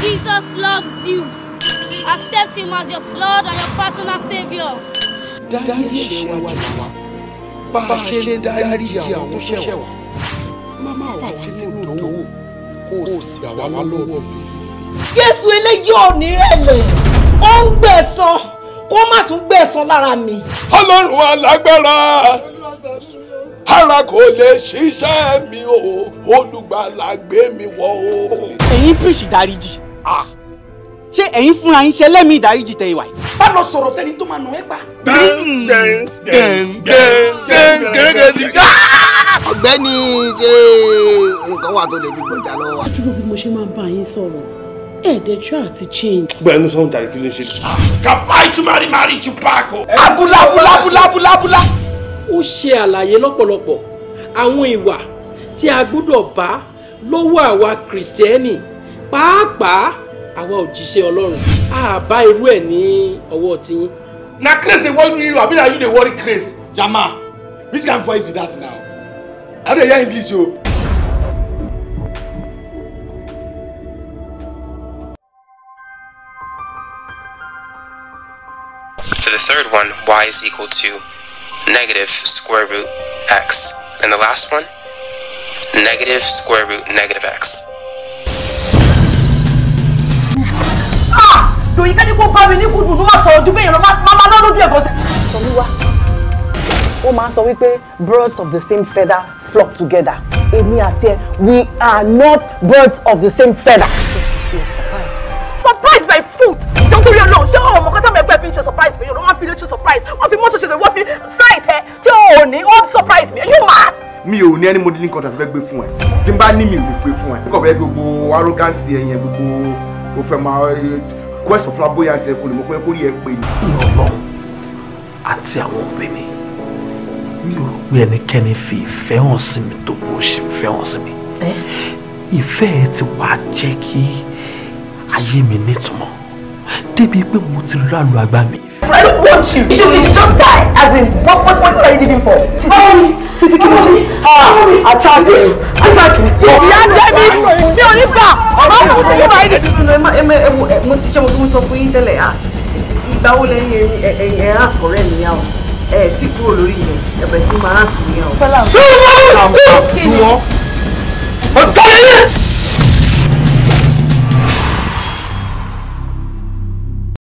Jesus loves you. Accept him as your Lord and your personal Savior. Dárí ẹ̀ṣẹ̀ wa jì wá. Bá a ṣe lè dárí àwọn tó ṣẹ̀ wá. Má má wà sínú ìdánwò kó o sì gbà wá lọ́wọ́ mi sí. Jésù eléyìí ò ní ẹ̀lẹ̀, ó ń gbẹ̀san, kó má tún gbẹ̀san lára mi. Ọlọ́run alágbára ara kò lè ṣiṣẹ́ mi o olùgbàlà gbé mi wọ̀ o. ẹ̀yin píríṣì dáríjì ṣé ẹ̀yin fúnra yín ṣe lẹ́mìí ìdáríjì tẹ ìwà yìí. bá lọ sọ̀rọ̀ sẹ́ni tó máa nù ẹ́ pa. ọ̀gbẹ́ni ṣe nǹkan wà tó lè fi gbọ̀jà lọ́wọ́ wa. dúró bí mo ṣe máa ń bá yín sọ̀rọ̀ ẹ̀ẹ́dẹ̀ẹ́dẹ́ àti change. gbẹ̀nu sọ̀hún tàbí kí ló ń ṣe. kàbáyé tún máa rí màrí jù báàkù. abúlábúlábúlábúlábúlá ó ṣe àlàyé lọ́pọ̀lọpọ̀ àwọn ìwà tí a gbọ́dọ̀ bá lọ́wọ́ àwa kìrìsìtẹ́nì pàápàá àwa òjíṣẹ́ ọlọ́run a bá irú ẹ̀ ní ọwọ́ tiyín. na craze dey worry you abi na you dey worry craze. jama which kind voice be that now i no dey hear english o. Oh. So the third one, y is equal to negative square root x. And the last one, negative square root negative x. Doyin ah! kẹ́ni kó bá mi ní kúndùn ló máa sọ̀rọ̀ ju bẹ́ẹ̀ lọ máa máa lọ́dún ẹ̀kọ́ sí. Tolúwa, ó máa sọ wípé birds of the same feather flock together. Èmi àti ẹ, we are not birds of the same feather. Surprise! by food, jọ́ntorí ọlọ́run ṣé ọmọ kan mi ò ní any modeling contract fẹ́ gbé fún ẹ tí n bá ní mi ò lè fún ẹ kò fẹ́ gbogbo arrogance ẹ yẹn gbogbo o fẹ́ máa eh, quest of flamboyance ẹ kò lè mọ pé kórìí ẹ pé ni. ọlọ́run àti àwọn òbí mi mi ò rò pé ẹnikẹ́ni fi ìfẹ́ hàn sí mi tó bó ṣe ìfẹ́ hàn sí mi ìfẹ́ ẹ ti wá jẹ́ kí ayé mi nítumọ̀ débi pé mo ti rálu àgbà mi. I don't want you. She will just die as in one. àtàkì àtàkì. ìyá jẹ́mi mi ò ní gbà ọmọ mi ti ní báyìí. mo ti ṣe mo tún sọ fún yín tẹ́lẹ̀ ah, ìgbà wo lẹ́yìn ẹ̀yìn ẹ̀ ask ọ̀rẹ́ mi yá o ẹ̀ tí kúrò lórí yẹn ẹ̀bẹ̀ tí mo ask mi yá o. ṣé wọ́n ṣé wọ́n ọ̀dọ́ mi yẹn.